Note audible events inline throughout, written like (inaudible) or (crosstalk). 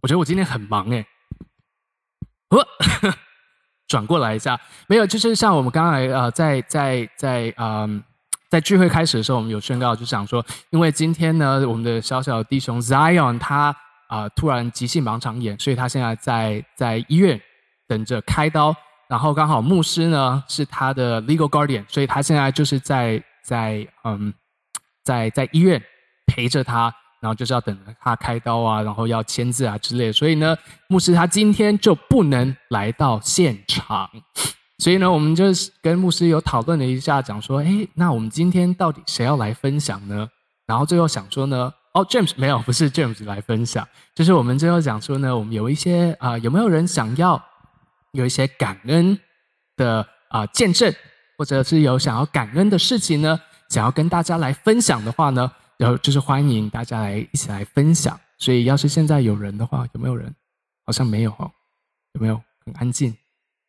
我覺得我今天很忙誒，我轉過來一下，沒有，就是像我們剛才、呃、在在在、呃、在聚會開始的時候，我們有宣告，就想說，因為今天呢，我們的小小弟兄 Zion 他啊、呃、突然急性盲腸炎，所以他現在在在醫院等着開刀，然後剛好牧師呢是他的 legal guardian，所以他現在就是在在嗯，在在、呃、在、在醫院陪着他。然後就是要等着他開刀啊，然後要簽字啊之類的，所以呢，牧師他今天就不能來到現場，所以呢，我們就跟牧師有討論了一下，講說，哎，那我們今天到底誰要來分享呢？然後最後想說呢，哦，James 沒有，不是 James 來分享，就是我們最後講說呢，我們有一些啊、呃，有沒有人想要有一些感恩的啊、呃、見證，或者是有想要感恩的事情呢？想要跟大家來分享的話呢？然後就是歡迎大家來一起來分享，所以要是現在有人的話，有沒有人？好像沒有哈、哦，有沒有？很安靜。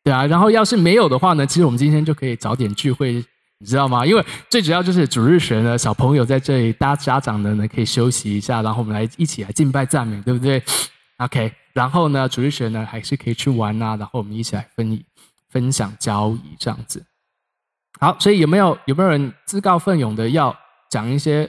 對啊，然後要是沒有的話呢，其實我們今天就可以早點聚會，你知道嗎？因為最主要就是主日學呢，小朋友在這裡，大家家長呢，可以休息一下，然後我們來一起來敬拜讚美，對不對？OK，然後呢，主日學呢還是可以去玩啊，然後我們一起來分分享交易這樣子。好，所以有沒有，有沒有人自告奮勇的要講一些？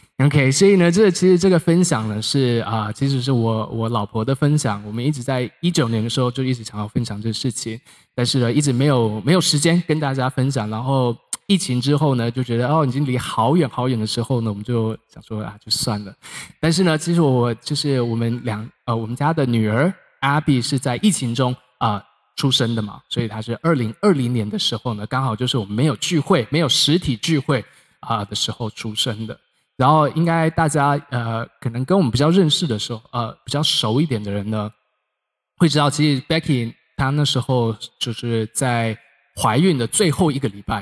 OK，所以呢，這其實這個分享呢是啊、呃，其實是我我老婆的分享。我們一直在一九年的時候就一直想要分享這個事情，但是呢，一直沒有沒有時間跟大家分享。然後疫情之後呢，就覺得哦，已經離好遠好遠的時候呢，我們就想說啊，就算了。但是呢，其實我就是我們兩呃，我們家的女兒 Abby 是在疫情中啊、呃、出生的嘛，所以她是二零二零年的時候呢，剛好就是我們沒有聚會、沒有實體聚會啊、呃、的時候出生的。然後應該大家呃可能跟我們比較認識的時候呃比較熟一點的人呢，會知道其實 Becky 她那時候就是在懷孕的最後一個禮拜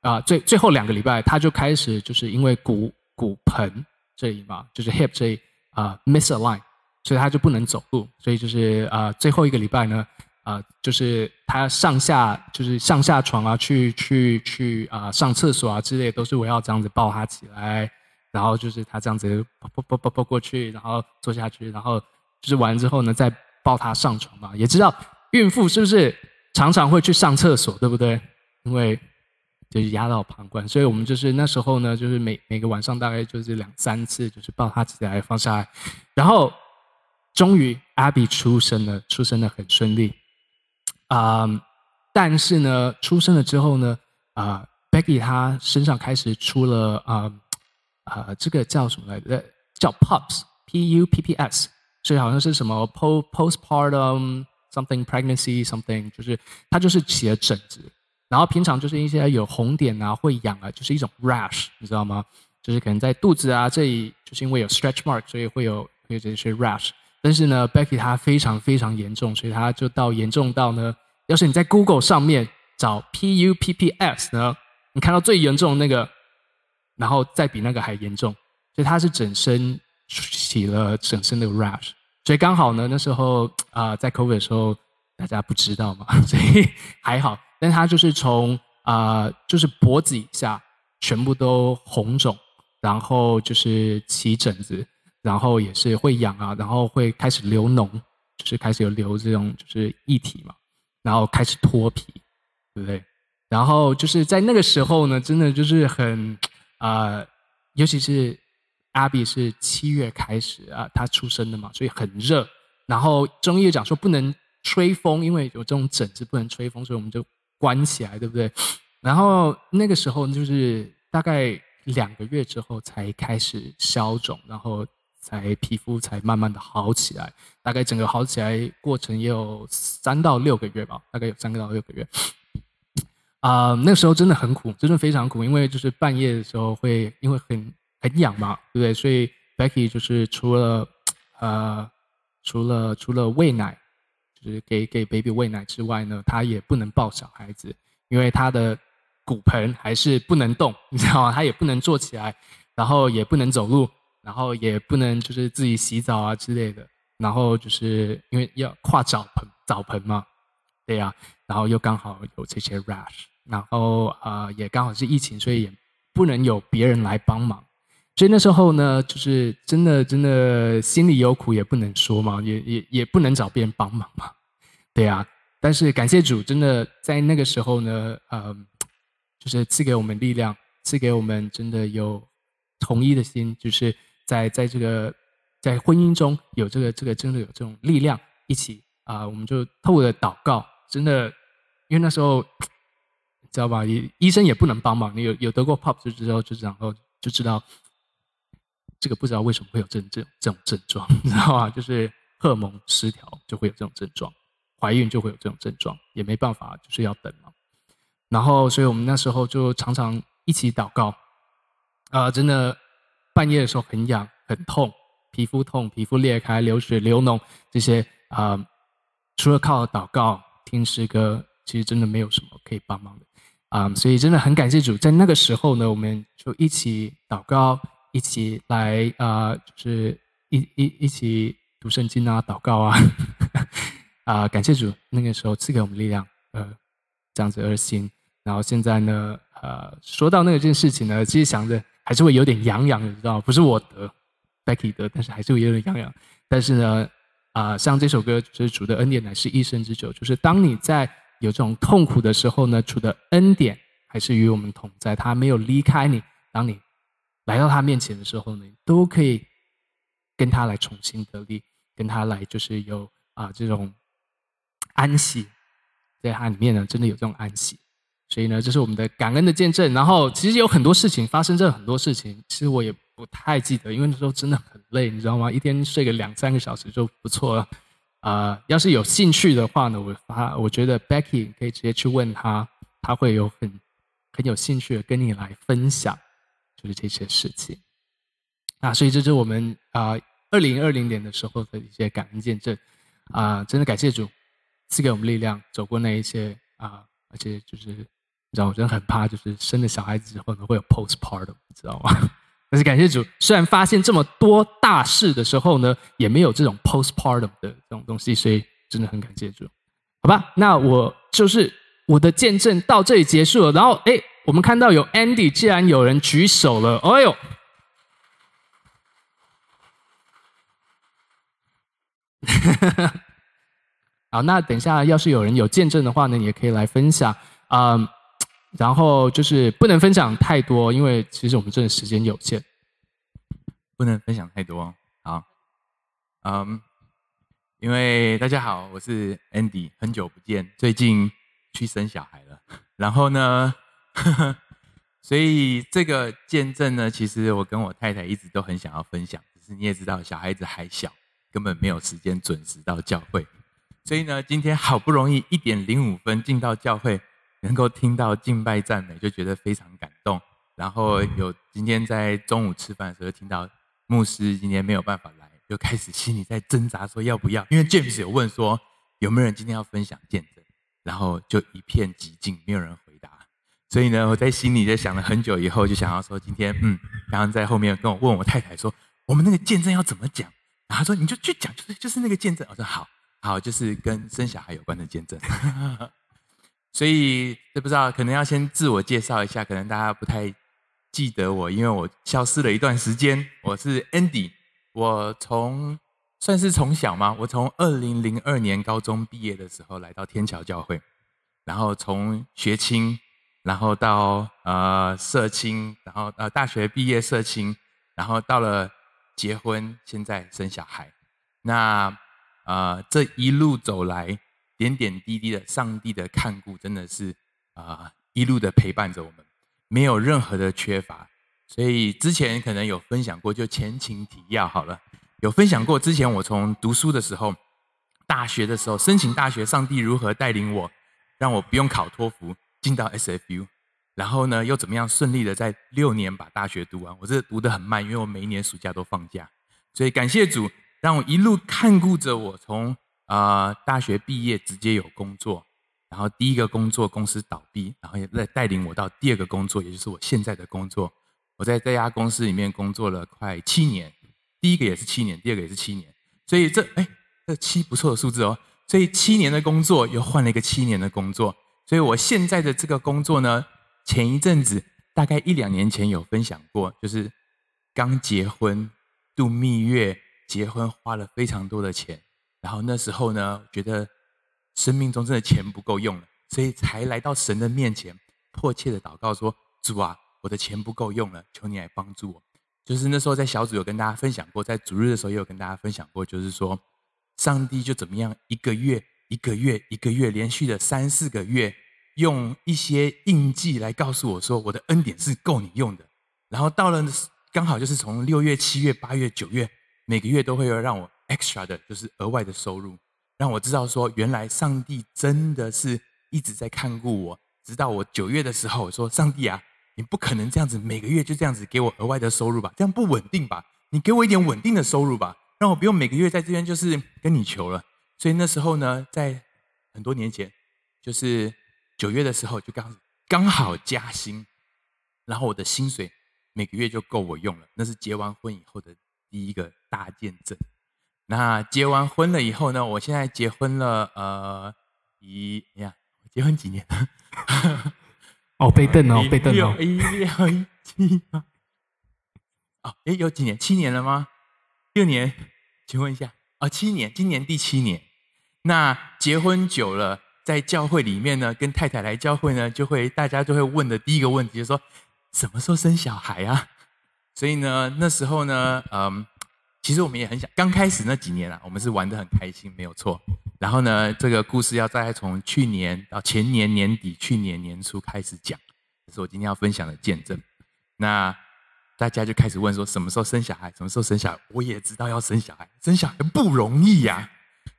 啊、呃、最最後兩個禮拜，她就開始就是因為骨骨盆這裡嘛，就是 hip 這裡啊、呃、misaligned，所以她就不能走路，所以就是啊、呃、最後一個禮拜呢啊、呃、就是她上下就是上下床啊去去去啊、呃、上廁所啊之類都是我要這樣子抱她起來。然後就是他這樣子，啵啵啵啵啵過去，然後坐下去，然後就是完之後呢，再抱他上床嘛。也知道孕婦是不是常常會去上廁所，對不對？因為就是壓到膀胱，所以我們就是那時候呢，就是每每個晚上大概就是兩三次，就是抱他起來放下來。然後終於 Abby 出生了，出生得很順利。嗯，但是呢，出生了之後呢，啊，呃，Becky 她身上開始出了啊。嗯呃，這個叫什麼來着？叫 pups，P-U-P-P-S，所以好像是什麼 po, postpartum something pregnancy something，就是它就是起了疹子，然後平常就是一些有紅點啊，會癢啊，就是一種 rash，你知道嗎？就是可能在肚子啊這裡，就是因為有 stretch mark，所以會有有這些 rash。但是呢，Becky 她非常非常嚴重，所以她就到嚴重到呢，要是你在 Google 上面找 P-U-P-P-S 呢，你看到最嚴重的那個。然後再比那個還嚴重，所以他是整身起了整身的 rash，所以剛好呢那時候啊、呃、在 COVID 的時候大家不知道嘛，所以還好，但他就是從啊、呃、就是脖子以下全部都紅腫，然後就是起疹子，然後也是會癢啊，然後會開始流膿，就是開始有流這種就是液體嘛，然後開始脫皮，對不對？然後就是在那個時候呢，真的就是很。呃，尤其是阿比是七月開始啊，他出生的嘛，所以很熱。然後中醫講說不能吹風，因為有這種疹子不能吹風，所以我們就關起來，對不對？然後那個時候就是大概兩個月之後才開始消腫，然後才皮膚才慢慢的好起來。大概整個好起來過程也有三到六個月吧，大概有三個到六個月。啊、uh，那個時候真的很苦，真的非常苦，因為就是半夜的時候會，因為很很癢嘛，對不對？所以 Becky 就是除了，呃，除了除了餵奶，就是給給 baby 餵奶之外呢，她也不能抱小孩子，因為她的骨盆還是不能動，你知道嗎？她也不能坐起來，然後也不能走路，然後也不能就是自己洗澡啊之類的，然後就是因為要跨澡盆澡盆嘛，對呀、啊。然後又剛好有這些 rush，然後啊、呃，也剛好是疫情，所以也不能有別人來幫忙，所以那時候呢，就是真的真的心裡有苦也不能說嘛，也也也不能找別人幫忙嘛，對啊，但是感謝主，真的在那個時候呢，呃，就是賜給我們力量，賜給我們真的有同一的心，就是在在這個在婚姻中有這個這個真的有這種力量，一起啊、呃，我們就透過禱告，真的。因為那時候，知道吧？醫醫生也不能幫忙。你有有得過 POP 就知道，就然後就，就知道，這個不知道為什麼會有這種這，這種症狀，你知道嗎？就是荷爾蒙失調就會有這種症狀，懷孕就會有這種症狀，也沒辦法，就是要等嘛。然後，所以我們那時候就常常一起禱告，啊、呃，真的半夜的時候很癢、很痛，皮膚痛、皮膚裂開、流水流、流膿這些啊、呃，除了靠禱告、聽詩歌。其實真的沒有什麼可以幫忙的啊、嗯，所以真的很感謝主。在那個時候呢，我們就一起禱告，一起來啊、呃，就是一一一起讀聖經啊，禱告啊，啊、 (laughs) 呃，感謝主，那個時候賜給我們力量，呃，這樣子的心。然後現在呢，呃，說到那件事情呢，其實想着還是會有點癢癢，你知道，不是我得 Becky 得，但是還是會有點癢癢。但是呢，啊、呃，像這首歌就是主的恩典乃是一生之久，就是當你在。有這種痛苦的時候呢，主的恩典還是與我們同在，他沒有離開你。當你來到他面前的時候呢，你都可以跟他來重新得力，跟他來就是有啊、呃、這種安息，在他裡面呢，真的有這種安息。所以呢，這是我們的感恩的見證。然後其實有很多事情發生，這很多事情其實我也不太記得，因為那時候真的很累，你知道嗎？一天睡個兩三個小時就不錯了。啊、呃，要是有興趣的話呢，我發，我覺得 Becky 可以直接去問他，他會有很很有興趣的跟你來分享，就是這些事情。啊，所以這是我們啊，二零二零年的時候的一些感恩見證。啊、呃，真的感謝主賜給我們力量，走過那一些啊、呃，而且就是你知道，我真的很怕，就是生了小孩子之後呢，會有 postpartum，知道嗎？但是感謝主，雖然發現這麼多大事的時候呢，也沒有這種 postpartum 的這種東西，所以真的很感謝主。好吧，那我就是我的見證到這裡結束了。然後，哎、欸，我們看到有 Andy，竟然有人舉手了，哎喲哈哈。 (laughs) 好，那等一下，要是有人有見證的話呢，也可以來分享。Um, 然後就是不能分享太多，因為其實我們真的時間有限，不能分享太多。好，嗯，um，因為大家好，我是 Andy，很久不見，最近去生小孩了。然後呢，呵呵，所以這個見證呢，其實我跟我太太一直都很想要分享，只是你也知道，小孩子還小，根本沒有時間準時到教會。所以呢，今天好不容易一點零五分進到教會。能夠聽到敬拜讚美，就覺得非常感動。然後有今天在中午吃飯的時候，聽到牧師今天沒有辦法來，就開始心裡在掙扎，說要不要？因為 James 有問說有沒有人今天要分享見證，然後就一片寂靜，沒有人回答。所以呢，我在心裡就想了很久，以後就想要說今天嗯，剛剛在後面跟我問我太太說，我們那個見證要怎麼講？然後他說你就去講，就是就是那個見證。我說好，好就是跟生小孩有關的見證。所以，這不知道可能要先自我介紹一下，可能大家不太記得我，因為我消失了一段時間。我是 Andy，我從算是從小嗎？我從2002年高中畢業的時候來到天橋教會，然後從學青，然後到呃社青，然後呃大學畢業社青，然後到了結婚，現在生小孩。那呃這一路走來。點點滴滴的上帝的看顧，真的是啊，一路的陪伴着我們，沒有任何的缺乏。所以之前可能有分享過，就前情提要好了。有分享過之前，我從讀書的時候，大學的時候申請大學，上帝如何帶領我，讓我不用考托福進到 SFU，然後呢又怎麼樣順利的在六年把大學讀完。我這讀得很慢，因為我每一年暑假都放假，所以感謝主讓我一路看顧着我從。啊、呃！大學畢業直接有工作，然後第一個工作公司倒閉，然後又再帶領我到第二個工作，也就是我現在的工作。我在這家公司裡面工作了快七年，第一個也是七年，第二個也是七年，所以這，哎，這七不錯的數字哦。所以七年的工作又換了一個七年的工作，所以我現在的這個工作呢，前一陣子大概一兩年前有分享過，就是剛結婚、度蜜月、結婚花了非常多的錢。然後那時候呢，覺得生命中真的錢不夠用了，所以才來到神的面前，迫切的禱告說：“主啊，我的錢不夠用了，求你來幫助我。”就是那時候在小組有跟大家分享過，在主日的時候也有跟大家分享過，就是說上帝就怎麼樣一個月、一個月、一個月連續的三四個月，用一些印記來告訴我說我的恩典是夠你用的。然後到了剛好就是從六月、七月、八月、九月，每個月都會有讓我。extra 的就是額外的收入，讓我知道說，原來上帝真的是一直在看顧我。直到我九月的時候，我說：“上帝啊，你不可能這樣子每個月就這樣子給我額外的收入吧？這樣不穩定吧？你給我一點穩定的收入吧，讓我不用每個月在這邊就是跟你求了。”所以那時候呢，在很多年前，就是九月的時候，就剛剛好加薪，然後我的薪水每個月就夠我用了。那是結完婚以後的第一個大見證。那結完婚了以後呢？我現在結婚了，呃，一，哎呀，結婚幾年了？哦，被鄧哦，被鄧有一六一七啊，哦，哎，有幾年？七年了嗎？六年？請問一下啊，哦，七年，今年第七年。那結婚久了，在教會裡面呢，跟太太來教會呢，就會大家就會問的第一個問題就是說，什麼時候生小孩啊？所以呢，那時候呢，嗯，呃。其實我們也很想，剛開始那幾年啊，我們是玩的很開心，沒有錯。然後呢，這個故事要大概從去年到前年年底、去年年初開始講，是我今天要分享的見證。那大家就開始問說，什麼時候生小孩？什麼時候生小孩？我也知道要生小孩，生小孩不容易呀、啊。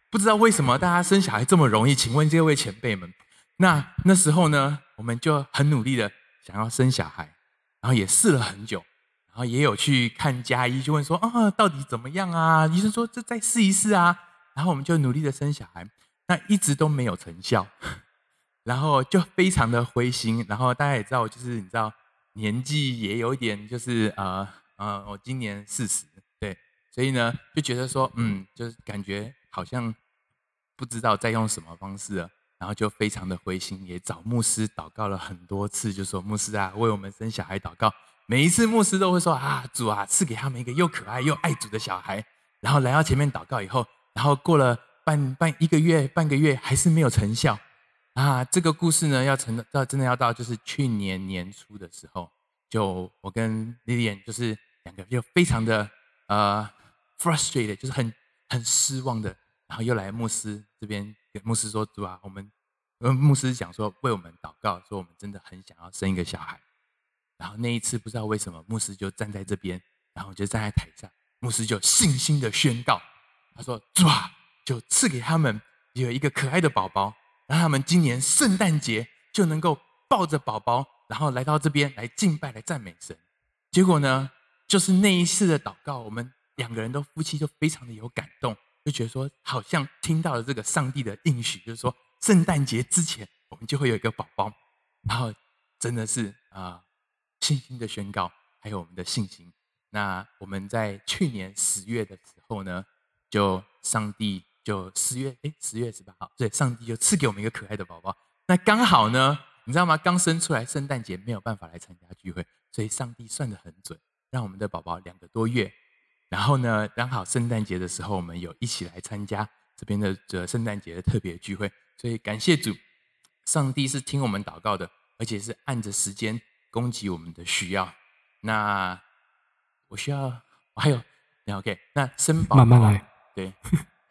不知道為什麼大家生小孩這麼容易？請問這位前輩們，那那時候呢，我們就很努力的想要生小孩，然後也試了很久。然後也有去看家醫，就問說啊、哦，到底怎麼樣啊？醫生說，這再試一試啊。然後我們就努力的生小孩，那一直都沒有成效，然後就非常的灰心。然後大家也知道，就是你知道年紀也有一點，就是呃呃，我、呃、今年四十，對，所以呢就覺得說，嗯，就是感覺好像不知道在用什麼方式了，然後就非常的灰心，也找牧師禱告了很多次，就說牧師啊，為我們生小孩禱告。每一次牧師都會說啊，主啊，賜給他們一個又可愛又愛主的小孩。然後來到前面禱告以後，然後過了半半一個月，半個月還是沒有成效啊。這個故事呢，要成到真的要到就是去年年初的時候，就我跟 Lillian 就是兩個就非常的呃 frustrated，就是很很失望的，然後又來牧師這邊牧師說，主啊，我們，呃，牧師想說為我們禱告，說我們真的很想要生一個小孩。然後那一次不知道為什麼，牧師就站在這邊，然後就站在台上，牧師就信心的宣告，他說：抓，就賜給他們有一個可愛的寶寶，然後他們今年聖誕節就能夠抱着寶寶，然後來到這邊來敬拜、來讚美神。結果呢，就是那一次的禱告，我們兩個人都夫妻就非常的有感動，就覺得說好像聽到了這個上帝的應許，就是說聖誕節之前我們就會有一個寶寶，然後真的是啊。呃信心的宣告，還有我們的信心。那我們在去年十月的時候呢，就上帝就十月，哎，十月十八號，對，上帝就賜給我們一個可愛的寶寶。那剛好呢，你知道嗎？剛生出來，聖誕節沒有辦法來參加聚會，所以上帝算得很準，讓我們的寶寶兩個多月。然後呢，剛好聖誕節的時候，我們有一起來參加這邊的這聖誕節的特別的聚會。所以感謝主，上帝是聽我們禱告的，而且是按着時間。攻擊我們的需要，那我需要，我、哦、還有，OK，那生寶寶，慢慢來，對，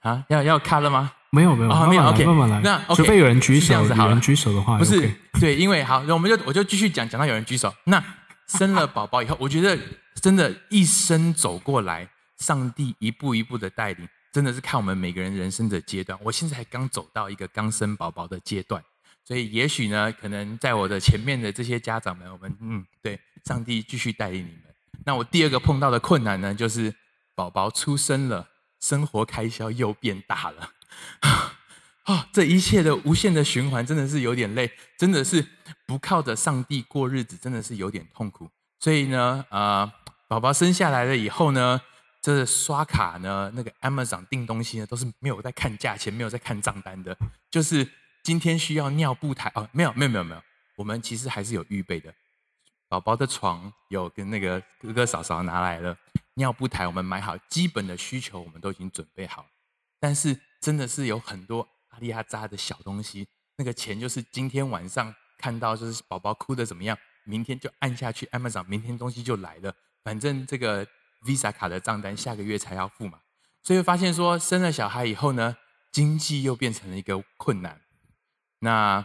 啊，要要看了嗎？沒有沒有，有、哦。OK，慢慢來。那準備、okay, 有人舉手這樣子，有人舉手的話，不是、okay、對，因為好，我們就我就繼續講，講到有人舉手。那生了寶寶以後， (laughs) 我覺得真的，一生走過來，上帝一步一步的帶領，真的是看我們每個人人生的階段。我現在才剛走到一個剛生寶寶的階段。所以，也許呢，可能在我的前面的這些家長們，我們嗯，對，上帝繼續帶領你們。那我第二個碰到的困難呢，就是寶寶出生了，生活開銷又變大了、 (laughs) 哦，這一切的無限的循環，真的是有點累，真的是不靠着上帝過日子，真的是有點痛苦。所以呢，呃，寶寶生下來了以後呢，這個、刷卡呢，那個 Amazon 訂東西呢，都是沒有在看價錢，沒有在看賬單的，就是。今天需要尿布台啊？哦，沒有，沒有，沒有，沒有。我們其實還是有預備的。寶寶的床有跟那個哥哥嫂嫂拿來了尿布台，我們買好基本的需求，我們都已經準備好。但是真的是有很多阿里阿扎的小東西，那個錢就是今天晚上看到就是寶寶哭得怎麼樣，明天就按下去 Amazon，明天東西就來了。反正這個 Visa 卡的賬單下個月才要付嘛，所以會發現說生了小孩以後呢，經濟又變成了一個困難。那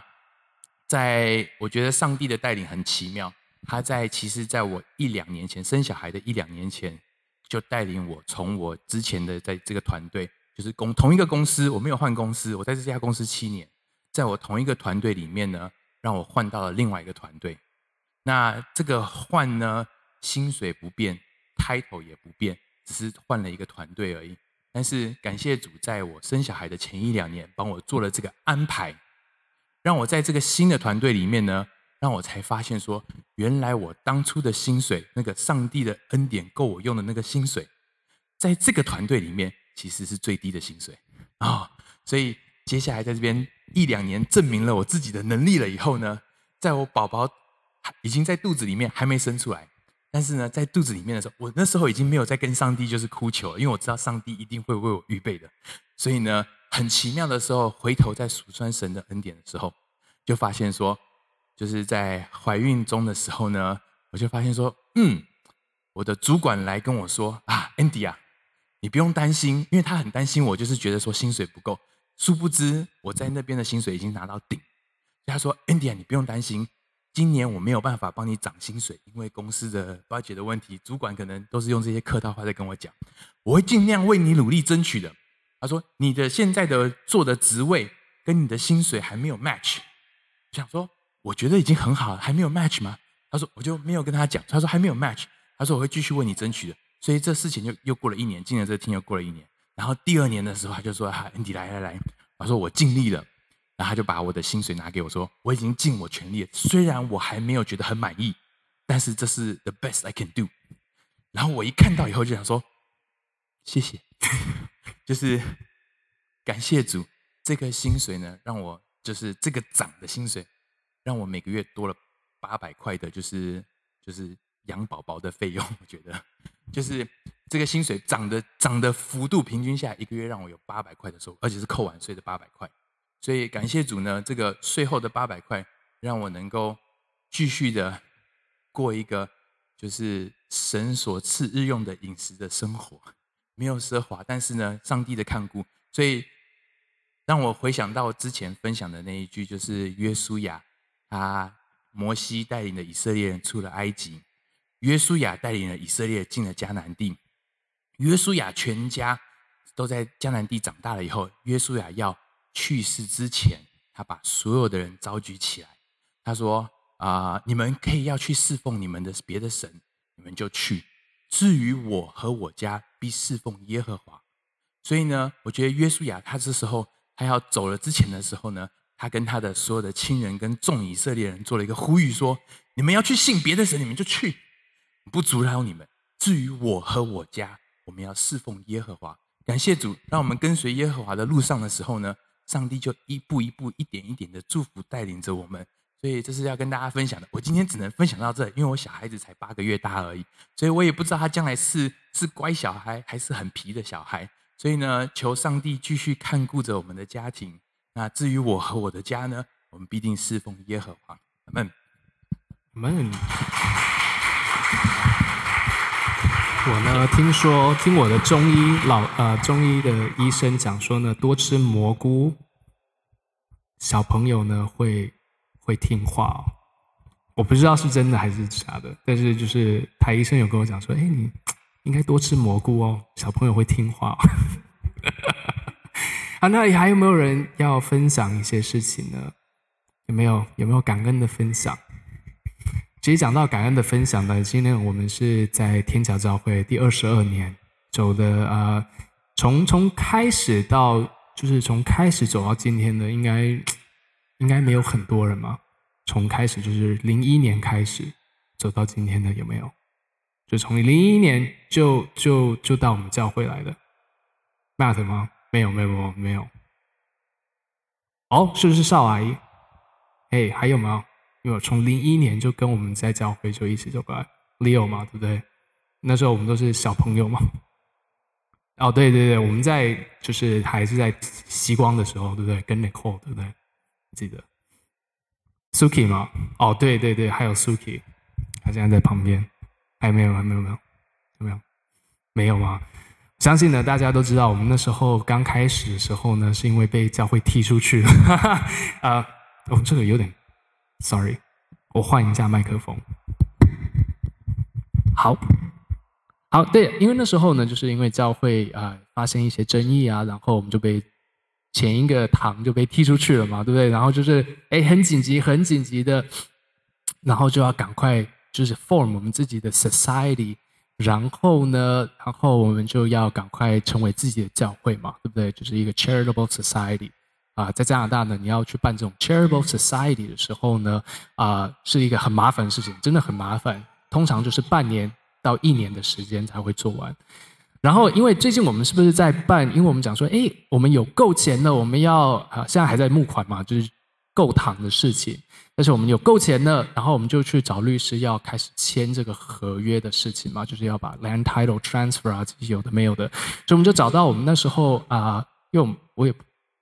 在，我覺得上帝的帶領很奇妙。他在其實，在我一兩年前生小孩的一兩年前，就帶領我從我之前的在這個團隊，就是公同一個公司，我沒有換公司，我在這家公司七年，在我同一個團隊裡面呢，讓我換到了另外一個團隊。那這個換呢，薪水不變，title 也不變，只是換了一個團隊而已。但是感謝主，在我生小孩的前一兩年，幫我做了這個安排。讓我在這個新的團隊裡面呢，讓我才發現說，原來我當初的薪水，那個上帝的恩典夠我用的那個薪水，在這個團隊裡面其實是最低的薪水啊、哦。所以接下來在這邊一兩年證明了我自己的能力了以後呢，在我寶寶已經在肚子裡面還沒生出來，但是呢在肚子裡面的時候，我那時候已經沒有再跟上帝就是哭求了，因為我知道上帝一定會為我預備的，所以呢。很奇妙的時候，回頭在數算神的恩典的時候，就發現說，就是在懷孕中的時候呢，我就發現說，嗯，我的主管來跟我說啊，安迪啊，你不用擔心，因為他很擔心我，就是覺得說薪水不夠。殊不知我在那邊的薪水已經拿到頂，他說安迪啊，你不用擔心，今年我沒有辦法幫你漲薪水，因為公司的 budget 的問題，主管可能都是用這些客套話在跟我講，我會盡量為你努力爭取的。他說：“你的現在的做的職位跟你的薪水還沒有 match。”就想說：“我覺得已經很好了，還沒有 match 嗎？”他說：“我就沒有跟他講。”他說：“還沒有 match。”他說：“我會繼續為你爭取的。”所以這事情就又過了一年，今年這天又過了一年。然後第二年的時候，他就說：“哈，安迪，來來來。”他說：“我盡力了。”然後他就把我的薪水拿給我說：“我已經盡我全力了。雖然我還沒有覺得很滿意，但是這是 the best I can do。”然後我一看到以後就想說：“謝謝。”就是感謝主，這個薪水呢，讓我就是這個漲的薪水，讓我每個月多了八百塊的，就是就是養寶寶的費用。我覺得，就是這個薪水漲的漲的幅度，平均下一個月讓我有八百塊的收入，而且是扣完稅的八百塊。所以感謝主呢，這個稅後的八百塊，讓我能夠繼續的過一個就是神所賜日用的飲食的生活。沒有奢華，但是呢，上帝的看顧，所以讓我回想到之前分享的那一句，就是約書亞，他摩西帶領了以色列人出了埃及，約書亞帶領了以色列進了迦南地，約書亞全家都在迦南地長大了以後，約書亞要去世之前，他把所有的人召集起來，他說啊、呃，你們可以要去侍奉你們的別的神，你們就去。至於我和我家必侍奉耶和華，所以呢，我覺得約書亞他這時候他要走了之前的時候呢，他跟他的所有的親人跟眾以色列人做了一個呼籲，說：你們要去信別的神，你們就去，不阻撓你們。至於我和我家，我們要侍奉耶和華。感謝主，讓我們跟隨耶和華的路上的時候呢，上帝就一步一步、一點一點的祝福帶領着我們。所以，這是要跟大家分享的。我今天只能分享到這，因為我小孩子才八個月大而已，所以我也不知道他將來是是乖小孩，還是很皮的小孩。所以呢，求上帝繼續看顧着我們的家庭。那至於我和我的家呢，我們必定侍奉耶和華。阿們，阿門。我呢，聽說聽我的中醫老啊、呃、中醫的醫生講說呢，多吃蘑菇，小朋友呢會。會聽話哦，我不知道是真的還是假的，但是就是台醫生有跟我講說，哎、欸，你應該多吃蘑菇哦，小朋友會聽話、哦。 (laughs) (laughs) 啊。那裡還有沒有人要分享一些事情呢？有沒有有沒有感恩的分享？其實講到感恩的分享呢，今天我們是在天橋教會第二十二年、嗯、走的啊，從、呃、從開始到就是從開始走到今天的，應該。應該沒有很多人嗎？從開始就是零一年開始走到今天的有沒有？就從零一年就就就到我們教會來的。Matt 嗎？沒有沒有沒有沒有。哦，是不是少阿姨？哎，還有嗎？有，從零一年就跟我們在教會就一起走過來，Leo 嘛，對不對？那時候我們都是小朋友嘛。哦，對對對，我們在就是還是在吸光的時候，對不對？跟 Nicole，對不對？記得 Suki 嗎？哦，對對對，還有 Suki，他現在在旁邊。還有沒有？還沒有還沒有？怎麼樣？沒有嗎？相信呢，大家都知道，我們那時候剛開始的時候呢，是因為被教會踢出去哈哈了。呃、啊，哦，這個有點，Sorry，我換一下麥克風。好，好對，因為那時候呢，就是因為教會啊、呃，發生一些爭議啊，然後我們就被。前一個堂就被踢出去了嘛，對不對？然後就是誒，很緊急，很緊急的，然後就要趕快就是 form 我們自己的 society，然後呢，然後我們就要趕快成為自己的教會嘛，對不對？就是一個 charitable society 啊、呃，在加拿大呢，你要去辦這種 charitable society 的時候呢，啊、呃，是一個很麻煩的事情，真的很麻煩，通常就是半年到一年的時間才會做完。然後，因為最近我們是不是在辦？因為我們講說，哎，我們有夠錢的，我們要啊、呃，現在還在募款嘛，就是購堂的事情。但是我們有夠錢的，然後我們就去找律師要開始簽這個合約的事情嘛，就是要把 land title transfer 啊，這些有的沒有的，所以我們就找到我們那時候啊、呃，因為我我也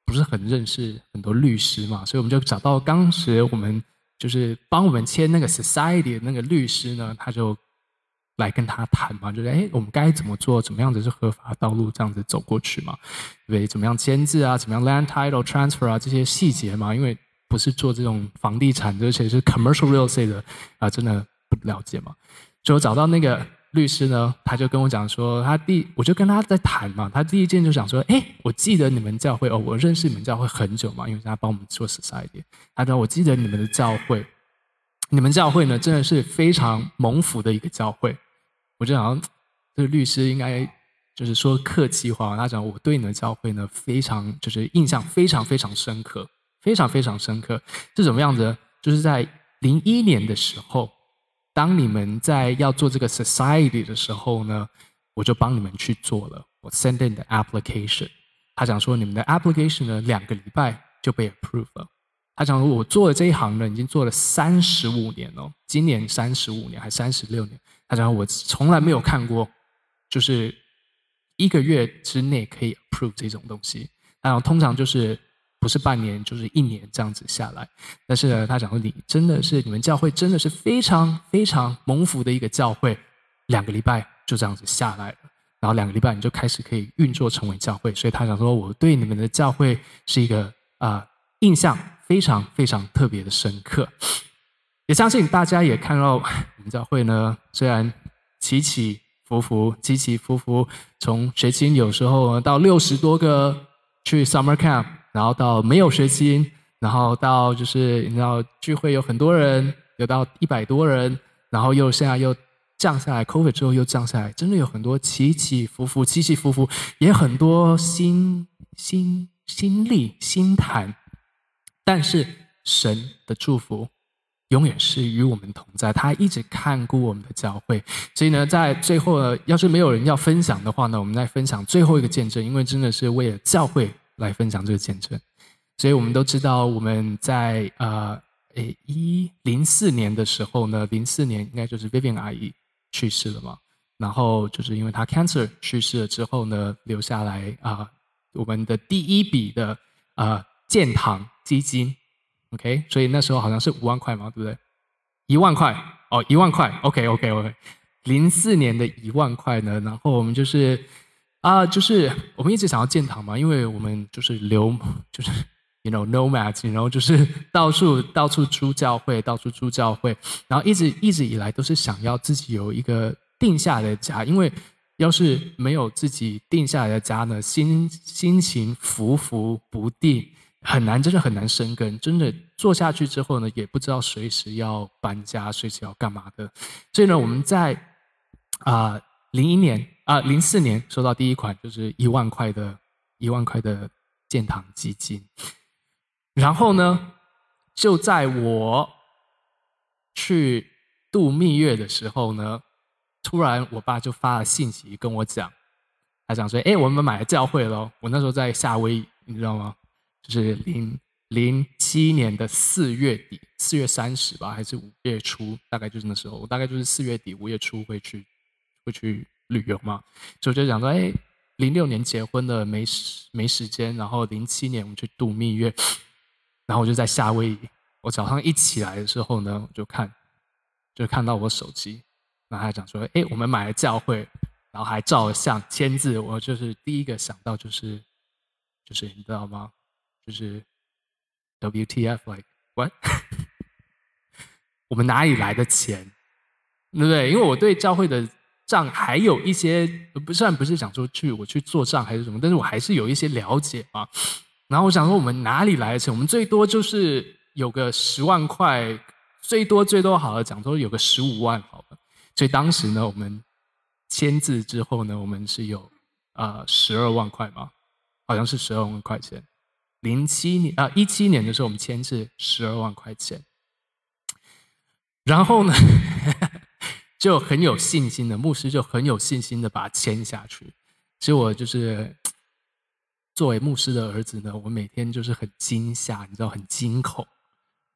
不是很認識很多律師嘛，所以我們就找到當時我們就是幫我們簽那個 society 的那個律師呢，他就。來跟他談嘛，就是哎，我們該怎麼做，怎麼樣子是合法的道路，這樣子走過去嘛？對不對，怎麼樣簽字啊？怎麼樣 land title transfer 啊？這些細節嘛，因為不是做這種房地產，而且是 commercial real estate 的啊，真的不了解嘛。所以我找到那個律師呢，他就跟我講說，他第我就跟他在談嘛，他第一件就想說，哎，我記得你們教會哦，我認識你們教會很久嘛，因為他幫我們做 society，他說我記得你們的教會。你們教會呢，真的是非常蒙福的一個教會。我就想，這、就、個、是、律師應該就是說客氣話，他講我對你的教會呢，非常就是印象非常非常深刻，非常非常深刻。是什麼樣子？就是在零一年的時候，當你們在要做這個 society 的時候呢，我就幫你們去做了。我 send in the application，他講說你們的 application 呢，兩個禮拜就被 approved 了。他講說，我做的這一行呢，已經做了三十五年了，今年三十五年還三十六年。他講說，我從來沒有看過，就是一個月之內可以 approve 這種東西。然後通常就是不是半年就是一年這樣子下來。但是呢，他講說你真的是你們教會真的是非常非常蒙福的一個教會，兩個禮拜就這樣子下來了，然後兩個禮拜你就開始可以運作成為教會。所以他講說，我對你們的教會是一個啊、呃、印象。非常非常特別的深刻，也相信大家也看到，我們教會呢，雖然起起伏伏，起起伏伏，從學青有時候到六十多個去 summer camp，然後到沒有學青，然後到就是你知道聚會有很多人，有到一百多人，然後又現在又降下來，COVID 之後又降下來，真的有很多起起伏伏，起起伏伏，也很多心心心力心談。但是神的祝福永遠是與我們同在，他一直看顧我們的教會。所以呢，在最後，要是沒有人要分享的話呢，我們再分享最後一個見證，因為真的是為了教會來分享這個見證。所以我們都知道，我們在呃誒，一零四年的時候呢，零四年應該就是 Vivian 阿姨去世了嘛。然後就是因為她 cancer 去世了之後呢，留下來啊、呃，我們的第一筆的啊。呃建堂基金，OK，所以那時候好像是五萬塊嘛，對不對？一萬塊哦，一萬塊，OK，OK，OK。零四年的一萬塊呢，然後我們就是啊，就是我們一直想要建堂嘛，因為我們就是留，就是 you know nomads，you know, 然後就是到處到處租教會，到處租教會，然後一直一直以來都是想要自己有一個定下來的家，因為要是沒有自己定下來的家呢，心心情浮浮不定。很難，真的很難生根。真的做下去之後呢，也不知道隨時要搬家，隨時要幹嘛的。所以呢，我們在啊零一年啊零四年收到第一款，就是一萬塊的，一萬塊的建堂基金。然後呢，就在我去度蜜月的時候呢，突然我爸就發了信息跟我講，他講說：“哎，我們買了教會嘍！”我那時候在夏威夷，你知道嗎？就是零零七年的四月底，四月三十吧，還是五月初？大概就是那時候，我大概就是四月底、五月初會去，會去旅遊嘛。就就想說，哎，零六年結婚的沒時沒時間，然後零七年我們去度蜜月，然後我就在夏威夷。我早上一起來的時候呢，我就看，就看到我手機，然後還講說，哎，我們買了教會，然後還照了相、簽字。我就是第一個想到就是，就是你知道嗎？就是，WTF like what？ (laughs) 我們哪裡來的錢？對不對？因為我對教會的賬還有一些不算，不是講說去我去做賬還是什麼，但是我還是有一些了解嘛。然後我想說，我們哪裡來的錢？我們最多就是有個十萬塊，最多最多，好了講說有個十五萬，好了。所以當時呢，我們簽字之後呢，我們是有啊十二萬塊嘛，好像是十二萬塊錢。零七年啊，uh, 一七年的時候，我們簽字十二萬塊錢，然後呢， (laughs) 就很有信心的牧師就很有信心的把它簽下去。其實我就是作為牧師的兒子呢，我每天就是很驚嚇，你知道，很驚恐，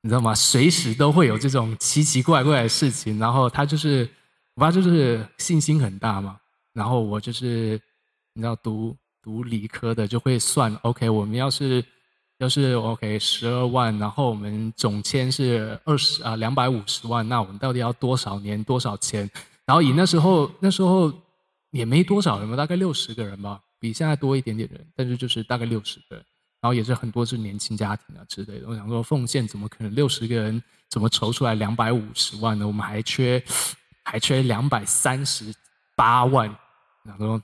你知道嗎？隨時都會有這種奇奇怪怪的事情。然後他就是，我爸就是信心很大嘛。然後我就是，你知道，讀讀理科的就會算。OK，我們要是就是 OK，十二萬，然後我們總簽是二十啊兩百五十萬，那我們到底要多少年多少錢？然後以那時候那時候也沒多少人嘛，大概六十個人吧，比現在多一點點人，但是就是大概六十個人，然後也是很多是年輕家庭啊之類的。我想說，奉獻怎麼可能六十個人怎麼籌出來兩百五十萬呢？我們還缺還缺兩百三十八萬，然後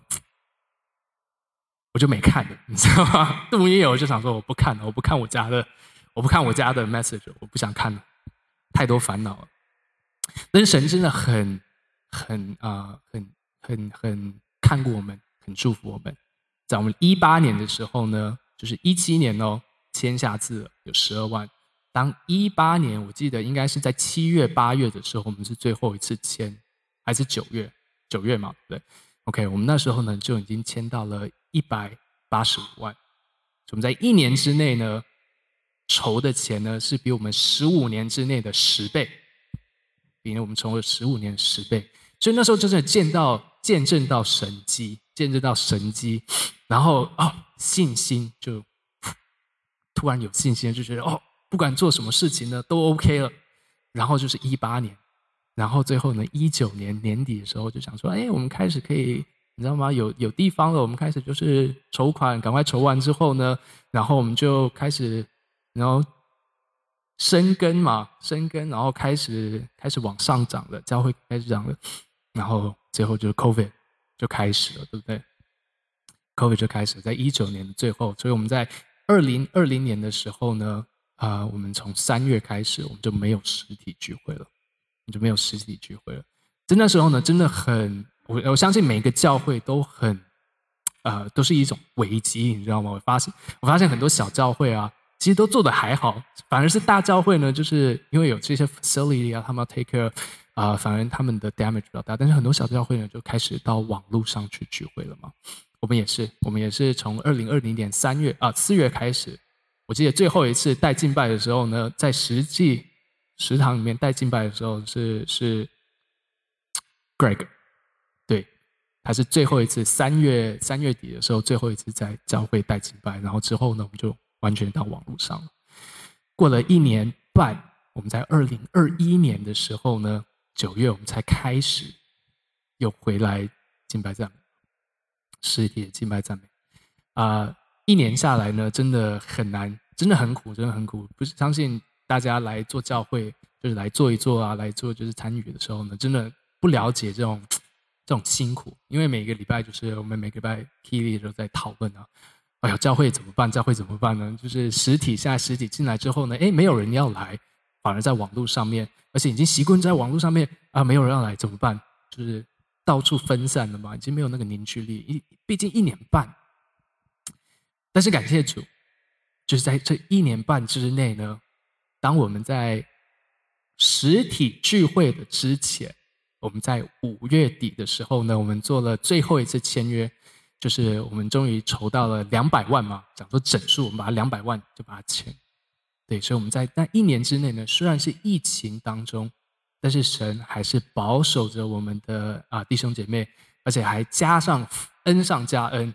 我就沒看的，你知道嗎？杜明也有，就想說我不看了，我不看我家的，我不看我家的 message，我不想看了，太多煩惱了。但是神真的很、很啊、呃、很、很、很看過我們，很祝福我們。在我們一八年的時候呢，就是一七年哦，簽下字了有十二萬。當一八年，我記得應該是在七月、八月的時候，我們是最後一次簽，還是九月？九月嘛，對，對。OK，我們那時候呢就已經簽到了。一百八十五萬，所以我們在一年之內呢，籌的錢呢是比我們十五年之內的十倍，比我們成為十五年十倍。所以那時候就是見到見證到神蹟，見證到神蹟，然後啊、哦、信心就突然有信心，就覺得哦，不管做什麼事情呢都 OK 了。然後就是一八年，然後最後呢一九年年底的時候就想說，哎，我們開始可以。你知道嗎？有有地方了，我們開始就是籌款，趕快籌完之後呢，然後我們就開始，然後生根嘛，生根，然後開始開始往上漲了，教會開始漲了，然後最後就是 COVID 就開始了，對不對？COVID 就開始，在一九年的最後，所以我們在二零二零年的時候呢，啊、呃，我們從三月開始，我們就沒有實體聚會了，我們就沒有實體聚會了，在那時候呢，真的很。我我相信每一個教會都很，呃，都是一種危機，你知道嗎？我發現，我發現很多小教會啊，其實都做得還好，反而是大教會呢，就是因為有這些 facility 啊，他們要 take care 啊、呃，反而他們的 damage 比較大。但是很多小教會呢，就開始到網絡上去聚會了嘛。我們也是，我們也是從二零二零年三月啊四月開始，我記得最後一次帶敬拜的時候呢，在實際食堂裡面帶敬拜的時候是是，Greg。還是最後一次，三月三月底的時候，最後一次在教會帶敬拜，然後之後呢，我們就完全到網絡上了。過了一年半，我們在二零二一年的時候呢，九月我們才開始又回來敬拜讚美，世界敬拜讚美。啊、uh，一年下來呢，真的很難，真的很苦，真的很苦。不是相信大家來做教會，就是來做一做啊，來做就是參與的時候呢，真的不了解這種。這種辛苦，因為每個禮拜就是我們每個禮拜 KTV 都在討論啊，哎呦，教會怎麼辦？教會怎麼辦呢？就是實體，現在實體進來之後呢，哎，沒有人要來，反而在網絡上面，而且已經習慣在網絡上面啊，沒有人要來怎麼辦？就是到處分散了嘛，已經沒有那個凝聚力。一畢竟一年半，但是感謝主，就是在這一年半之內呢，當我們在實體聚會的之前。我們在五月底的時候呢，我們做了最後一次簽約，就是我們終於籌到了兩百萬嘛，講說整數，我們把它兩百萬就把它簽。對，所以我們在那一年之內呢，雖然是疫情當中，但是神還是保守着我們的啊弟兄姐妹，而且還加上恩上加恩，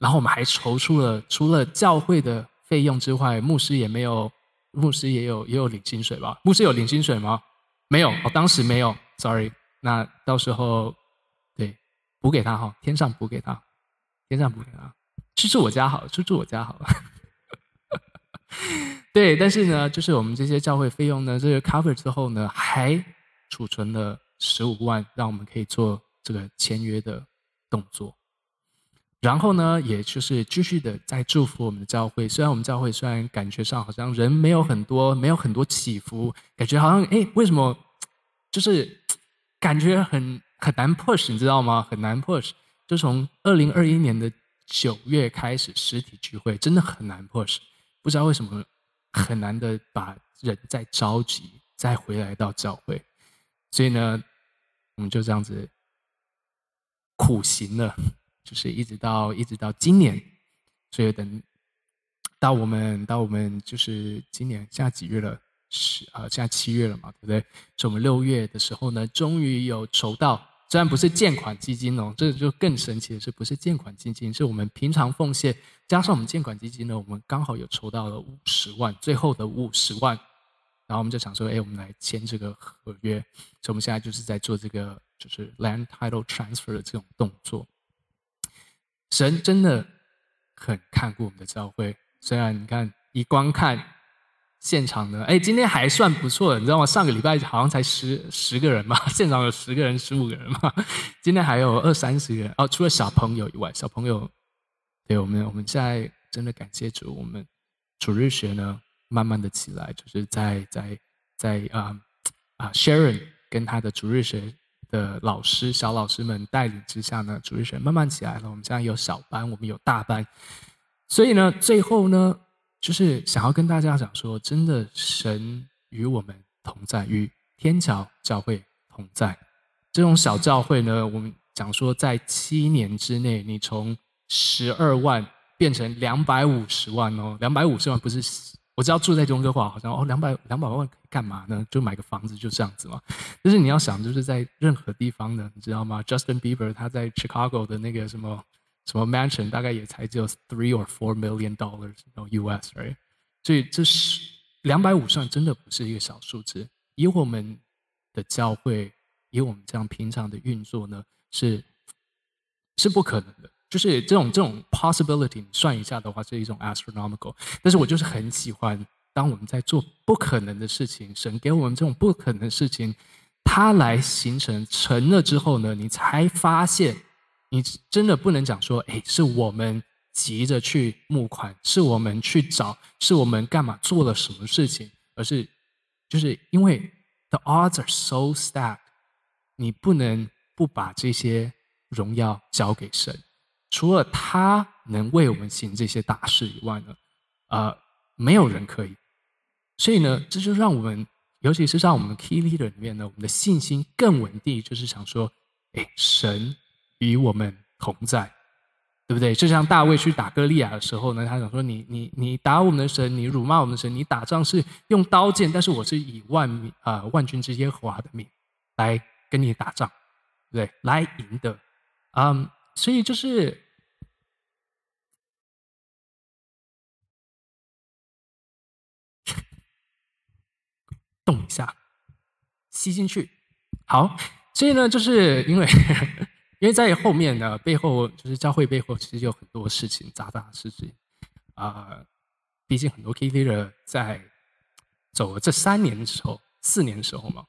然後我們還籌出了除了教會的費用之外，牧師也沒有，牧師也有也有領薪水吧？牧師有領薪水嗎？沒有，哦，當時沒有，sorry。那到時候，對，補給他哈，天上補給他，天上補給他，去住我家好了，去住我家好了。 (laughs) 對，但是呢，就是我們這些教會費用呢，這個 cover 之後呢，還儲存了十五萬，讓我們可以做這個簽約的動作。然後呢，也就是繼續的在祝福我們的教會。雖然我們教會雖然感覺上好像人沒有很多，沒有很多起伏，感覺好像哎，為什麼就是？感覺很很難 push，你知道嗎？很難 push。就從二零二一年的九月開始，實體聚會真的很難 push。不知道為什麼很難的把人再召集再回來到教會。所以呢，我們就這樣子苦行了，就是一直到一直到今年。所以等到我們到我們就是今年現在幾月了。是呃，現在七月了嘛，對不對？所以，我們六月的時候呢，終於有籌到，雖然不是建管基金哦，這就更神奇的是，不是建管基金，是我們平常奉獻加上我們建管基金呢，我們剛好有籌到了五十萬，最後的五十萬，然後我們就想說，哎，我們來簽這個合約，所以，我們現在就是在做這個就是 land title transfer 的這種動作。神真的很看顧我們的教會，雖然你看以觀看，現場呢，哎，今天還算不錯，你知道嗎？上個禮拜好像才十十個人嘛，現場有十個人，十五個人嘛，今天還有二三十人哦，除了小朋友以外，小朋友，對我們，我們現在真的感謝主，我們主日學呢，慢慢的起來，就是在在在啊啊，Sharon 跟他的主日學的老師、小老師們帶領之下呢，主日學慢慢起來了。我們現在有小班，我們有大班，所以呢，最後呢。就是想要跟大家講說，真的神與我們同在，與天橋教會同在。這種小教會呢，我們講說，在七年之內，你從十二萬變成兩百五十萬哦，兩百五十萬不是？我知道住在溫哥華好像哦，兩百兩百萬幹嘛呢？就買個房子就這樣子嘛。就是你要想，就是在任何地方的，你知道嗎？Justin Bieber 他在 Chicago 的那個什麼？什麼 mansion 大概也才只有 three or four million dollars 然後 US, right? 所以這是兩百五十萬算真的不是一個小數字。以我們的教會，以我們這樣平常的運作呢，是是不可能的。就是這種這種 possibility，你算一下的話是一種 astronomical。但是我就是很喜歡，當我們在做不可能的事情，神給我們這種不可能的事情，它來形成成了之後呢，你才發現。你真的不能講說，誒、哎，是我們急着去募款，是我們去找，是我們幹嘛做了什麼事情，而是，就是因為 the odds are so stacked，你不能不把這些榮耀交給神，除了他能為我們行這些大事以外呢，呃，沒有人可以，所以呢，這就讓我們，尤其是讓我們 key leader 裡面呢，我們的信心更穩定，就是想說，誒、哎，神。與我們同在，對不對？就像大衛去打歌利亞的時候呢，他想說：“你、你、你打我們的神，你辱罵我們的神，你打仗是用刀劍，但是我是以萬啊、呃、萬軍之耶和華的名來跟你打仗，對不對？來贏得，um, 所以就是動一下，吸進去，好。所以呢，就是因為。因為在後面呢，背後就是教會背後，其實有很多事情，雜雜的事情。啊、呃，畢竟很多 key leader 在走了這三年的時候、四年的時候嘛，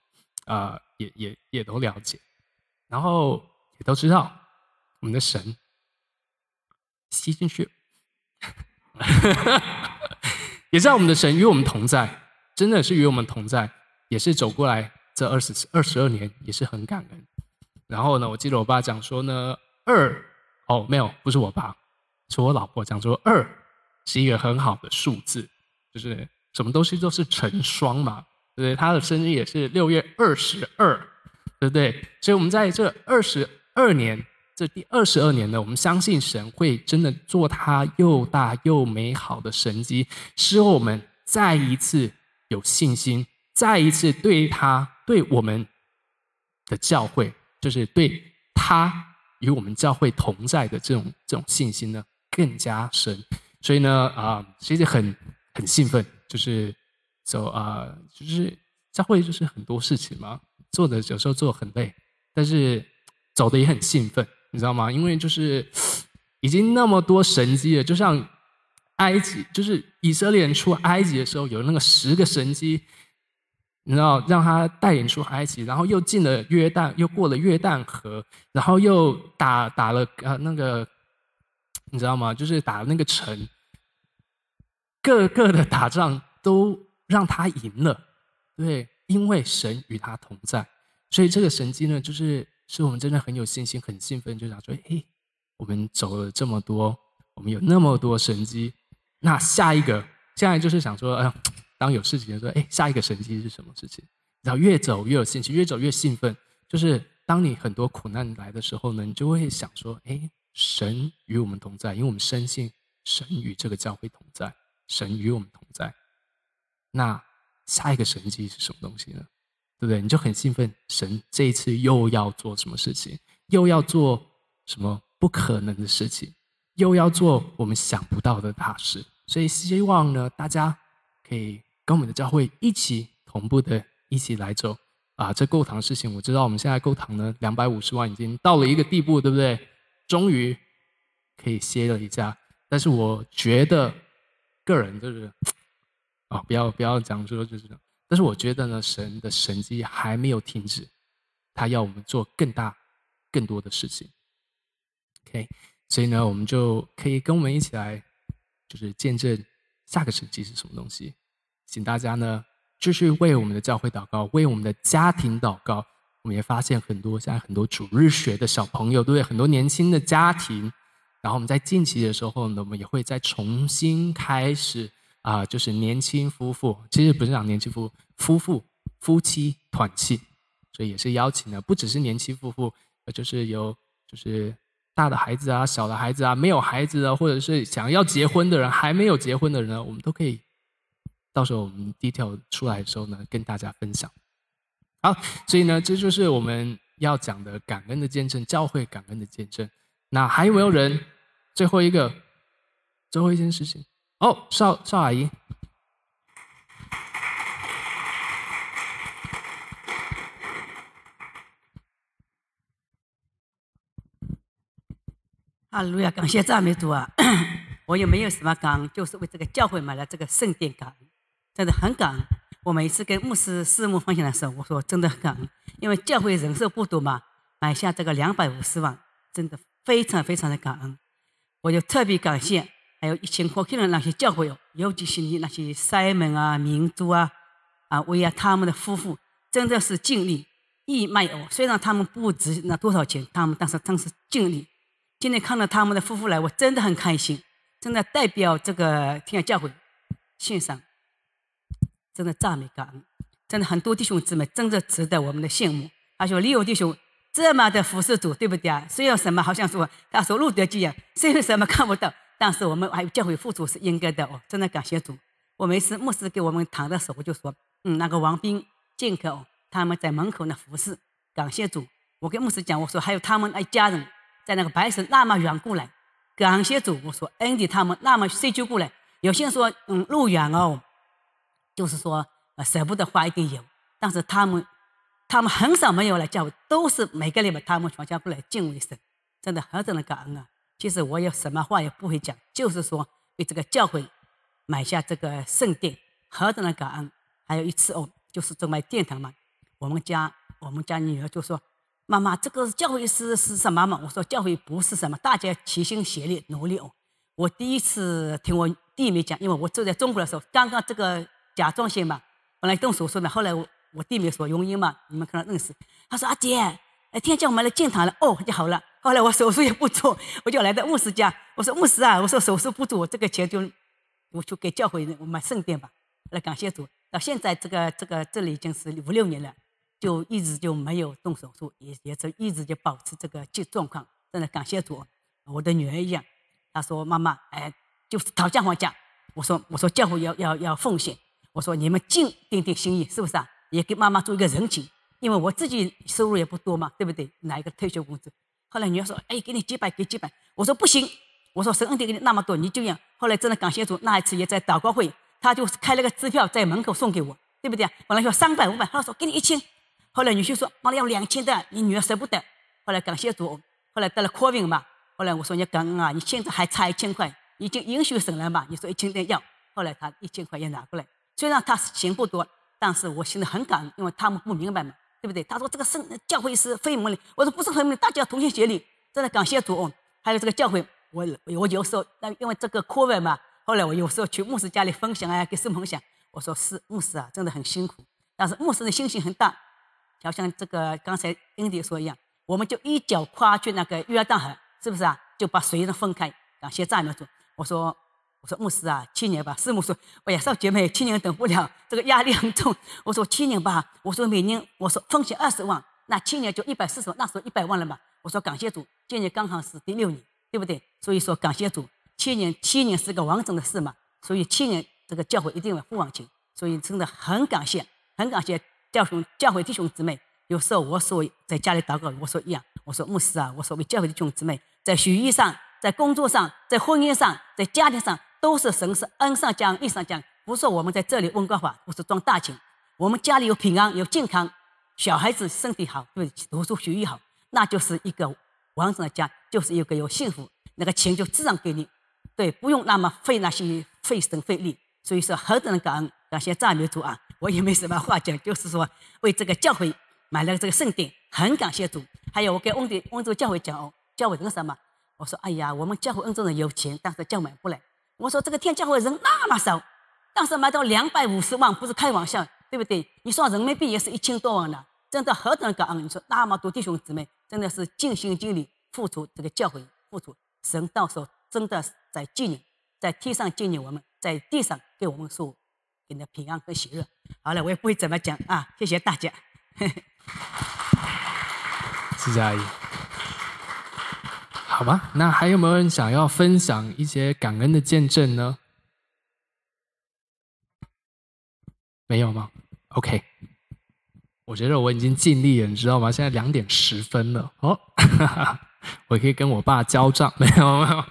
啊、呃，也也也都了解，然後也都知道我們的神吸進去， (laughs) 也知道我們的神與我們同在，真的是與我們同在，也是走過來這二十、二十二年，也是很感恩的。然後呢，我記得我爸講說呢，二，哦，沒有，不是我爸，是我老婆講說，二是一個很好的數字，就是什麼東西都是成雙嘛，對不對？他的生日也是六月二十二，對不對？所以，我們在這二十二年，這第二十二年呢，我們相信神會真的做他又大又美好的神蹟，使我們再一次有信心，再一次對他、對我們的教會。就是對他與我們教會同在的這種這種信心呢，更加深。所以呢，啊、呃，其實很很興奮，就是走啊、呃，就是教會就是很多事情嘛，做的有時候做得很累，但是走的也很興奮，你知道嗎？因為就是已經那麼多神跡了，就像埃及，就是以色列人出埃及的時候有那個十個神跡。你知道，讓他帶領出埃及，然後又進了約旦，又過了約旦河，然後又打打了呃、啊、那個，你知道嗎？就是打那個城，個個的打仗都讓他贏了，對，因為神與他同在，所以這個神蹟呢，就是使我們真的很有信心、很興奮，就想說：嘿，我們走了這麼多，我們有那麼多神蹟。那下一個，現在就是想說：哎、呃。當有事情就說，哎，下一個神蹟是什麼事情？然後越走越有興趣，越走越興奮。就是當你很多苦難來的時候呢，你就會想說，哎，神與我們同在，因為我們深信神與這個教會同在，神與我們同在。那下一個神蹟是什麼東西呢？對不對？你就很興奮，神這一次又要做什麼事情？又要做什麼不可能的事情？又要做我們想不到的大事？所以希望呢，大家可以。跟我們的教會一起同步的一起來走啊，這購堂的事情我知道，我們現在購堂呢，兩百五十萬已經到了一個地步，對不對？終於可以歇了一下。但是我覺得個人就是啊、哦，不要不要講說就是這樣，但是我覺得呢，神的神蹟還沒有停止，他要我們做更大更多的事情。OK，所以呢，我們就可以跟我們一起來，就是見證下個神蹟是什麼東西。請大家呢，繼續為我們的教會禱告，為我們的家庭禱告。我們也發現很多，現在很多主日學的小朋友，對，很多年輕的家庭。然後我們在近期的時候呢，我們也會再重新開始啊，呃，就是年輕夫婦，其實不是講年輕夫，夫婦，夫妻，團契，所以也是邀請的，不只是年輕夫婦，而就是有就是大的孩子啊，小的孩子啊，沒有孩子的，啊，或者是想要結婚的人，還沒有結婚的人呢，我們都可以。到時候我們 detail 出來的時候呢，跟大家分享。好，所以呢，這就是我們要講的感恩的見證，教會感恩的見證。那還有沒有人？最後一個，最後一件事情。哦，邵邵阿姨。阿盧亞，感謝讚美主啊。 (coughs) 我也沒有什麼講，就是為這個教會買了這個聖殿卡。真的很感恩。我每次跟牧師、師母分享的時候，我說真的很感恩，因為教會人數不多嘛，買下這個兩百五十萬，真的非常非常的感恩。我就特別感謝還有以前過去的那些教會哦，尤其是那些塞門啊、明珠啊、啊薇啊，他們的夫婦真的是盡力義賣哦。雖然他們不值那多少錢，他們但是真是盡力。今天看到他們的夫婦來，我真的很開心，真的代表這個天橋教會獻上。真的讚美感恩，真的很多弟兄姊妹，真的值得我們的羨慕。他說：「你有弟兄這麼的服侍主，對不對啊？雖然什麼好像說，他說路得記啊，雖然什麼看不到，但是我們還有教會服侍主是應該的哦。真的感謝主，我每次牧師給我們談的時候，我就說，嗯，那個王斌、劍客哦，他們在門口那服侍，感謝主。我跟牧師講，我說還有他們那一家人，在那個白石那麼遠過來，感謝主。我說恩迪，他們那麼深究過來。有些人說，嗯，路遠哦。就是說，捨不得花一點油，但是他們，他們很少沒有來教會，都是每個禮拜他們全家過來敬畏神，真的何等的感恩啊！其實我有什麼話也不會講，就是說為這個教會買下這個聖殿，何等的感恩！還有一次哦，就是做買殿堂嘛，我們家我們家女兒就說：“媽媽，這個教會是是什麼嘛？”我說：“教會不是什麼，大家齊心協力努力哦。”我第一次聽我弟妹講，因為我住在中國的時候，剛剛這個。甲狀腺嘛，本來動手術呢，後來我我弟妹說榮英嘛，你們可能認識。他說，阿姐，哎，天叫我們來進堂了，哦，就好了。後來我手術也不做，我就來到牧師家。我說牧師啊，我說手術不做，我這個錢就，我就給教會我們聖殿吧，來感謝主。到現在這個這個這裡已經是五六年了，就一直就沒有動手術，也也就一直就保持這個狀況。真的感謝主。我的女兒一樣，她說，媽媽，哎，就是、討價還價。我說我說教會要要要奉獻。我說你們盡點點心意，是不是啊？也給媽媽做一個人情，因為我自己收入也不多嘛，對不對？拿一個退休工資。後來女兒說：“哎，給你幾百，給幾百。”我說：“不行。”我說：“神恩典給你那麼多，你就要。”後來真的感謝主，那一次也在禱告會，他就是開了個支票在門口送給我，對不對？本來說三百五百，他說：“給你一千。”後來女婿說：“媽要兩千的，你女兒舍不得。”後來感謝主，後來得了 COVID 病嘛。後來我說：“你感恩啊，你現在還差一千塊，已經應許神了嘛。”你說：“一千的要。”後來他一千塊也拿過來。雖然他錢不多，但是我現在很感恩，因為他們不明白嘛，對不對？他說這個聖教會是非盟的，我說不是非盟，大家同心協力，真的感謝主、哦。還有這個教會，我我有時候那因為這個 COVID 嘛，後來我有時候去牧師家裡分享啊，給聖母講，我說是牧師啊，真的很辛苦，但是牧師的心情很大，好像這個剛才英典說的一樣，我們就一腳跨去那個約旦河，是不是啊？就把水都分開，感謝讚美主。我說。我說牧師啊，七年吧。師母說：“哎呀，少姐妹，七年等不了，這個壓力很重。”我說：“七年吧。我說每年”我說：“每年我說奉獻二十萬，那七年就一百四十萬，那時候一百萬了嘛。”我說：“感謝主，今年剛好是第六年，對不對？”所以說感謝主，七年七年是個完整的事嘛。所以七年這個教會一定會不忘情，所以真的很感謝，很感謝教兄、教會弟兄姊妹。有時候我所以在家裡禱告，我說一樣，我說牧師啊，我說為教會的弟兄姊妹，在學業上、在工作上、在婚姻上、在家庭上。都是神是恩上加恩義上講，不是說我們在這裡溫哥華，不是賺大錢。我們家裡有平安，有健康，小孩子身體好，對，對讀書學習好，那就是一個完整的家，就是一個有幸福，那個錢就自然給你，對，不用那麼費那些費神費力。所以說，何等的感恩！感謝讚美主啊，我也沒什麼話講，就是說為這個教會買了這個聖殿，很感謝主。還有我給溫州溫州教會講教會那什麼，我說哎呀，我們教會溫州人有錢，但是叫買不來，我說這個天橋教會人那麼少，當時買到兩百五十萬，不是開玩笑，對不對？你算人民幣也是一千多萬呢，真的何等感恩！你說那麼多弟兄姊妹，真的是盡心盡力付出這個教會付出，神到時候真的在紀念，在天上紀念我們，在地上給我們祝福，給你平安和喜樂。好了，我也不會怎麼講啊，謝謝大家， (laughs) 謝謝阿姨。好吧，那還有沒有人想要分享一些感恩的見證呢？沒有嗎？OK，我覺得我已經盡力了，你知道嗎？現在兩點十分了哦， (laughs) 我可以跟我爸交賬，沒有沒有，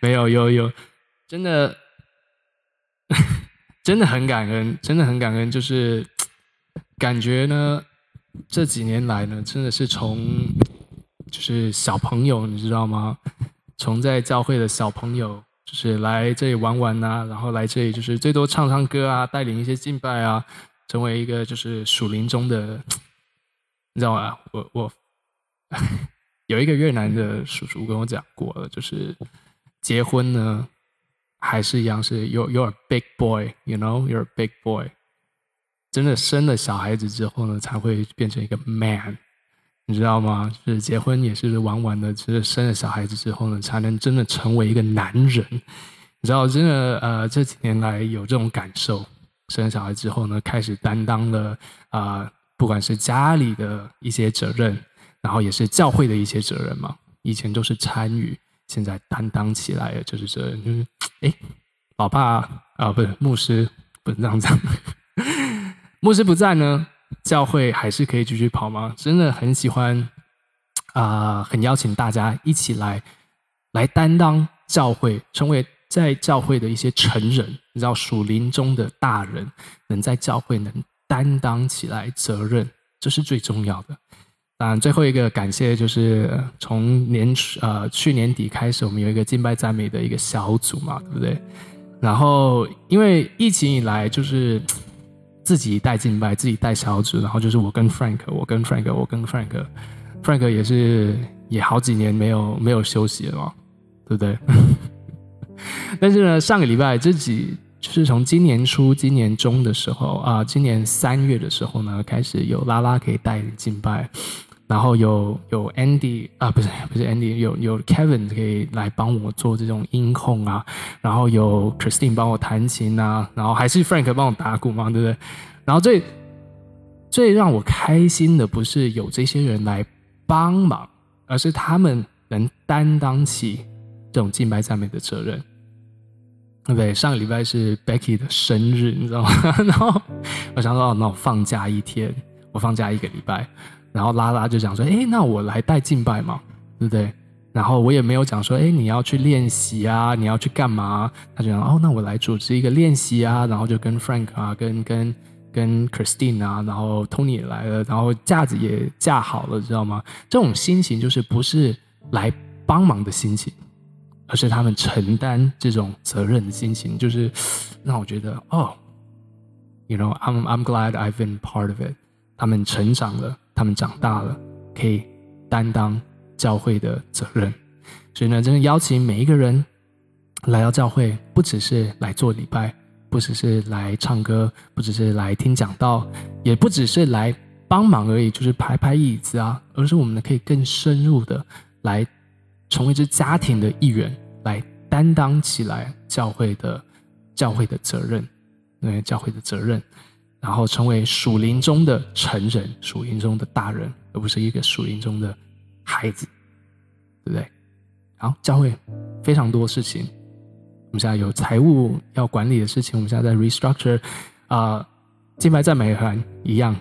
沒有，有有，真的真的很感恩，真的很感恩，就是感覺呢，這幾年來呢，真的是從。就是小朋友，你知道嗎？從在教會的小朋友，就是來這裡玩玩吶、啊，然後來這裡就是最多唱唱歌啊，帶領一些敬拜啊，成為一個就是屬靈中的，你知道嗎？我我有一個越南的叔叔跟我講過了，就是結婚呢，還是一樣是 You you're a big boy, you know, you're a big boy，真的生了小孩子之後呢，才會變成一個 man。你知道嗎？就是結婚也是玩玩的，就是生了小孩子之後呢，才能真的成為一個男人。你知道，真的呃，這幾年來有這種感受，生了小孩之後呢，開始擔當了啊、呃，不管是家裡的一些責任，然後也是教會的一些責任嘛。以前都是參與，現在擔當起來就是責任。哎、就是，老爸啊，不是牧師，不是這樣講。 (laughs) 牧師不在呢。教會還是可以繼續跑嗎？真的很喜歡啊、呃，很邀請大家一起來來擔當教會，成為在教會的一些成人，你知道屬靈中的大人，能在教會能擔當起來責任，這是最重要的。當然，最後一個感謝就是從年初呃，去年底開始，我們有一個敬拜讚美的一個小組嘛，對不對？然後因為疫情以來就是。自己帶敬拜，自己帶小組，然後就是我跟 Frank，我跟 Frank，我跟 Frank，Frank Frank 也是也好幾年沒有沒有休息了嘛，對不對？ (laughs) 但是呢，上個禮拜自己就是從今年初、今年中的時候啊、呃，今年三月的時候呢，開始有拉拉可以帶敬拜。然後有有 Andy 啊，不是不是 Andy，有有 Kevin 可以來幫我做這種音控啊，然後有 Christine 幫我彈琴啊，然後還是 Frank 幫我打鼓嘛，對不對？然後最最讓我開心的不是有這些人來幫忙，而是他們能擔當起這種敬拜讚美的責任，對，對，上個禮拜是 Becky 的生日，你知道嗎？然後我想說，那、啊、我放假一天，我放假一個禮拜。然後拉拉就講說：“哎，那我來帶敬拜嘛，對不對？”然後我也沒有講說：“哎，你要去練習啊，你要去幹嘛啊？”他就講：“哦，那我來組織一個練習啊。”然後就跟 Frank 啊，跟跟跟 Christine 啊，然後 Tony 也來了，然後架子也架好了，知道嗎？這種心情就是不是來幫忙的心情，而是他們承擔這種責任的心情，就是讓我覺得哦，You know, I'm I'm glad I've been part of it。他們成長了。他們長大了，可以擔當教會的責任。所以呢，真的邀請每一個人來到教會，不只是來做禮拜，不只是來唱歌，不只是來聽講道，也不只是來幫忙而已，就是排排椅子啊。而是我們呢，可以更深入的來成為這家庭的一員，來擔當起來教會的教會的責任，嗯，教會的責任。然後成為屬靈中的成人，屬靈中的大人，而不是一個屬靈中的孩子，對不對？好，教會非常多事情。我們現在有財務要管理的事情，我們現在在 restructure 啊、呃，金牌讚美團一樣，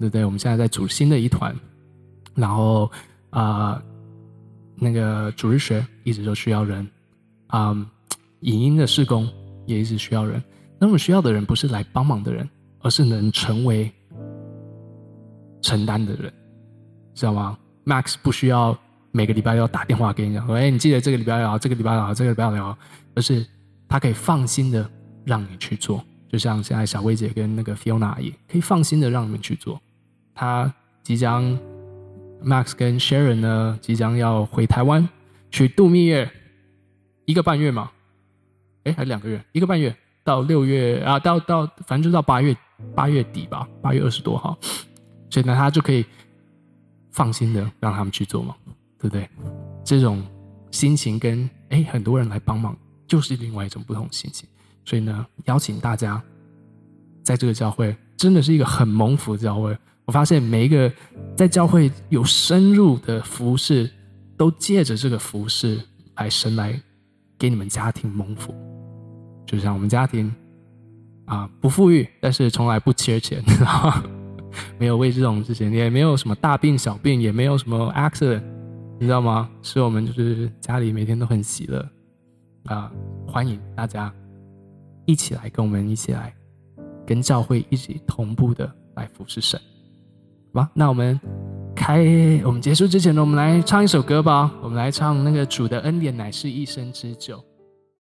對不對？我們現在在組新的一團，然後啊、呃，那個主日學一直都需要人啊、呃，影音的事工也一直需要人。那我們需要的人不是來幫忙的人。而是能成為承擔的人，知道嗎？Max 不需要每個禮拜要打電話給你講，哎，你記得這個禮拜好，這個禮拜好，這個禮拜好。而是他可以放心的讓你去做，就像現在小薇姐跟那個 Fiona 也可以放心的讓你們去做。他即將 Max 跟 Sharon 呢，即將要回台灣去度蜜月，一個半月嘛。哎，還兩個月？一個半月到六月啊，到到反正就到八月。八月底吧，八月二十多號，所以呢，他就可以放心的讓他們去做嘛，對不對？這種心情跟誒很多人來幫忙，就是另外一種不同的心情。所以呢，邀請大家在這個教會，真的是一個很蒙福的教會。我發現每一個在教會有深入的服侍，都借着這個服侍來神來給你們家庭蒙福，就像我們家庭。啊，不富裕，但是從來不缺錢，然後沒有為這種事情，也沒有什麼大病小病，也沒有什麼 accident，你知道嗎？是我們就是家裡每天都很喜樂，啊，歡迎大家一起來跟我們一起來跟教會一起同步的來服侍神，好吧？那我們開，我們結束之前呢，我們來唱一首歌吧，我們來唱那個主的恩典乃是一生之久。